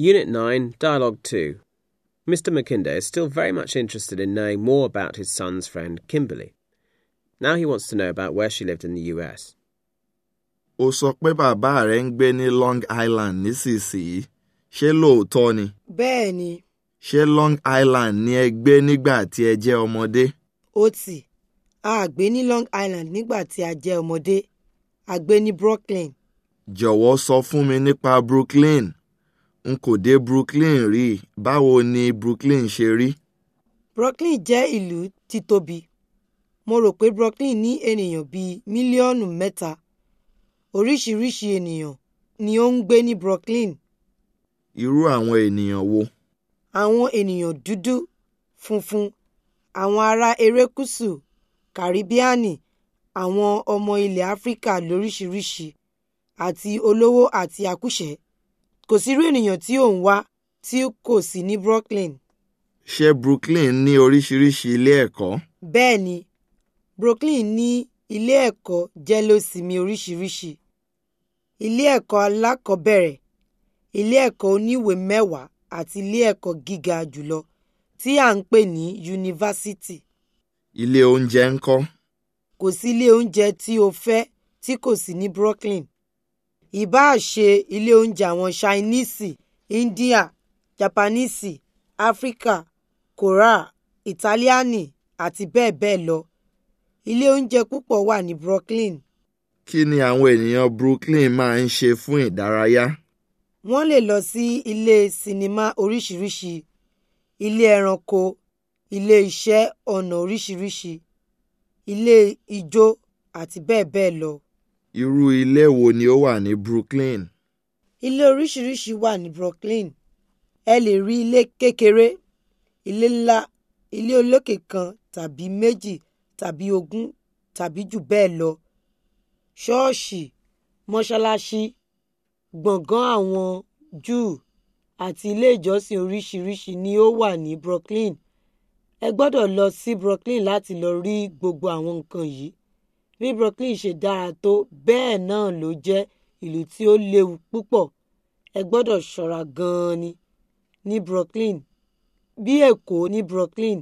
Unit 9, Dialogue 2. Mr. Mackinder is still very much interested in knowing more about his son's friend Kimberly. Now he wants to know about where she lived in the US. Ó sọ pé bàbá rẹ̀ ń gbé ní Long Island nísinsìnyí. Ṣé lóòótọ́ ni? Bẹ́ẹ̀ Ṣé Long Island ni ẹ gbé nígbà tí ẹ jẹ́ ọmọdé? Ó tì, a gbé ní Long Island nígbà tí a jẹ́ ọmọdé. A gbé ní Brooklyn. Jọ̀wọ́ sọ fún mi nípa Brooklyn. n kò dé Brooklyn rí báwo ni Brooklyn ṣe rí. Brooklyn jẹ́ ìlú títóbi. Mo rò pé Brooklyn ní ènìyàn bíi mílíọ̀nù mẹ́ta. Oríṣiríṣi ènìyàn ni ó ń gbé ní Brooklyn. Irú àwọn ènìyàn wo? Àwọn ènìyàn dúdú, funfun, àwọn ará erékùṣù, Kàríbíànì, àwọn ọmọ ilẹ̀ Áfíríkà lóríṣiríṣi, àti olówó àti akúṣẹ̀ẹ́ kò sí irú ènìyàn tí ò ń wá tí kò sí ní Brooklyn. ṣé Brooklyn ní oríṣiríṣi ilé ẹ̀kọ́? bẹ́ẹ̀ ni Brooklyn ní ilé ẹ̀kọ́ jẹ́lósinmi oríṣiríṣi ilé ẹ̀kọ́ alákọ̀ọ́bẹ̀rẹ̀ ilé ẹ̀kọ́ oníwèé mẹ́wàá àti ilé ẹ̀kọ́ gíga jùlọ tí à ń pè ní yunifásítì. ilé oúnjẹ ńkọ́? kò sí ilé oúnjẹ tí o fẹ́ tí kò sí ní Brooklyn ìbáà ṣe ilé oúnjẹ àwọn ṣáíníìsì íńdíà japaníìsì áfíríkà kòríà ìtáálíànì àti bẹ́ẹ̀ bẹ́ẹ̀ lọ ilé oúnjẹ púpọ̀ wà ní Brooklyn. kí ni àwọn ènìyàn Brooklyn máa ń ṣe fún ìdárayá? wọ́n lè lọ sí ilé sinimá oríṣiríṣi ilé ẹranko ilé iṣẹ́ ọnà oríṣiríṣi ilé ijó àti bẹ́ẹ̀ bẹ́ẹ̀ lọ. Irú ilé wo ni ó wà ní Brooklyn? Ilé oríṣiríṣi wà ní Brooklyn. Ẹ lè rí ilé kékeré, ilé ńlá, ilé olókè kan tàbí méjì tàbí ogún tàbí jù bẹ́ẹ̀ lọ, ṣọ́ọ̀ṣì, mọ́ṣáláṣí, gbọ̀ngán àwọn Júù àti ilé ìjọsìn oríṣiríṣi ni ó wà ní Brooklyn. Ẹ gbọ́dọ̀ lọ sí Brooklyn láti lọ rí gbogbo àwọn nǹkan yìí bí Brooklyn ṣe dára tó bẹ́ẹ̀ náà ló jẹ́ ìlú tí ó léwu púpọ̀ ẹ gbọ́dọ̀ ṣọ́ra gan-an ní Brooklyn. Bí Èkó ní Brooklyn